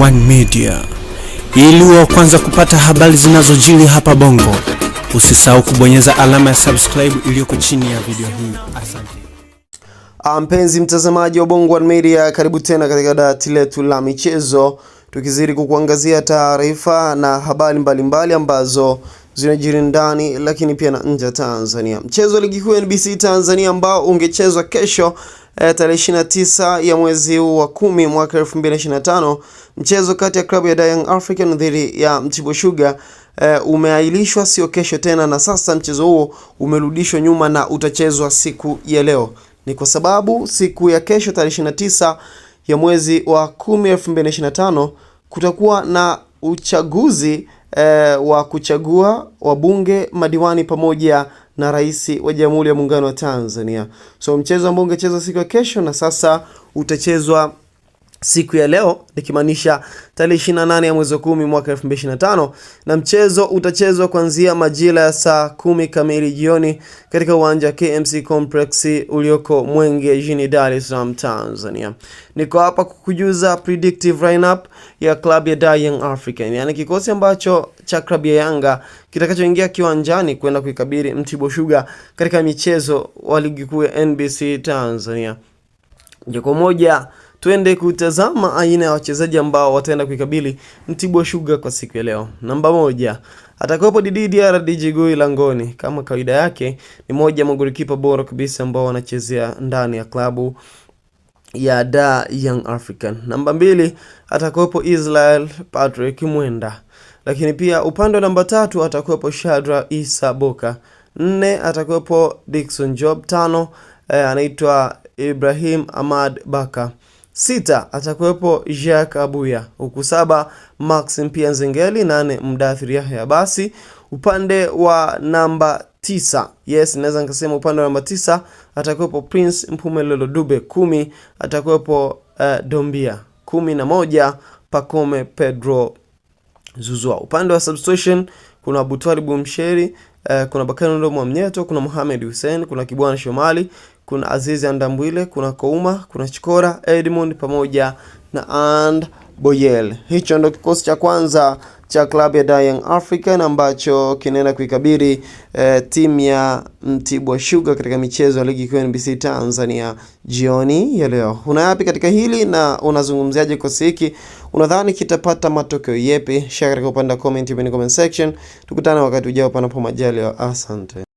One Media, ili wa kwanza kupata habari zinazojiri hapa Bongo. Usisahau kubonyeza alama ya subscribe iliyoko chini ya video hii. Asante. Ah, mpenzi mtazamaji wa Bongo One Media, karibu tena katika dawati letu la michezo, tukizidi kukuangazia taarifa na habari mbalimbali ambazo zinajiri ndani lakini pia na nje ya Tanzania. Mchezo wa ligi kuu NBC Tanzania ambao ungechezwa kesho eh, tarehe 29 ya mwezi huu wa kumi mwaka 2025 mchezo kati ya klabu ya Young African dhidi ya Mtibwa Sugar eh, umeahirishwa, sio kesho tena, na sasa mchezo huo umerudishwa nyuma na utachezwa siku ya leo. Ni kwa sababu siku ya kesho tarehe 29 ya mwezi wa 10 2025 kutakuwa na uchaguzi eh, wa kuchagua wabunge, madiwani pamoja na rais wa Jamhuri ya Muungano wa Tanzania. So mchezo ambao ungechezwa siku ya kesho na sasa utachezwa siku ya leo nikimaanisha tarehe 28 ya mwezi wa 10 mwaka 2025, na mchezo utachezwa kuanzia majira ya saa kumi kamili jioni katika uwanja KMC Complex ulioko Mwenge jijini Dar es Salaam Tanzania. Niko hapa kukujuza predictive lineup ya klabu ya Young African, yaani kikosi ambacho cha klabu ya Yanga kitakachoingia kiwanjani kwenda kuikabili Mtibwa Sugar katika michezo wa ligi kuu ya NBC Tanzania. Moja kwa moja Twende kutazama aina ya wachezaji ambao wataenda kuikabili Mtibwa Sugar kwa siku ya leo. Namba moja atakuwepo Didi Djigui langoni, kama kawaida yake ni moja magolikipa bora kabisa ambao wanachezea ndani ya klabu ya Da Young African. Namba mbili atakuwepo Israel Patrick Mwenda, lakini pia upande wa namba tatu atakuwepo Shadra Isa Boka, nne atakuwepo Dickson Job, tano eh, anaitwa Ibrahim Ahmad Baka. Sita atakuwepo Jacques Abuya, huku saba max mpia Nzengeli, nane Mdathir Yahya Basi. Upande wa namba tisa, yes, naweza nikasema upande wa namba tisa atakuwepo Prince Mpumelelo Dube. Kumi atakuwepo uh, Dombia. Kumi na moja Pacome Pedro Zuzua. Upande wa substitution kuna Butwari Bumsheri eh, kuna Bakari Mwamnyeto, Mnyeto, kuna Mohamed Hussein, kuna Kibwana Shomali, kuna Azizi Andambwile, kuna Kouma, kuna Chikora Edmund pamoja na And Boyel. Hicho ndo kikosi cha kwanza cha klabu ya Young African ambacho kinaenda kuikabili eh, timu ya Mtibwa Sugar katika michezo ya ligi kuu NBC Tanzania jioni ya leo. Una yapi katika hili na unazungumziaje kikosi hiki? Unadhani kitapata matokeo yepi? Share katika upande wa comment, comment section. Tukutane wakati ujao, panapo majaliwa. Asante.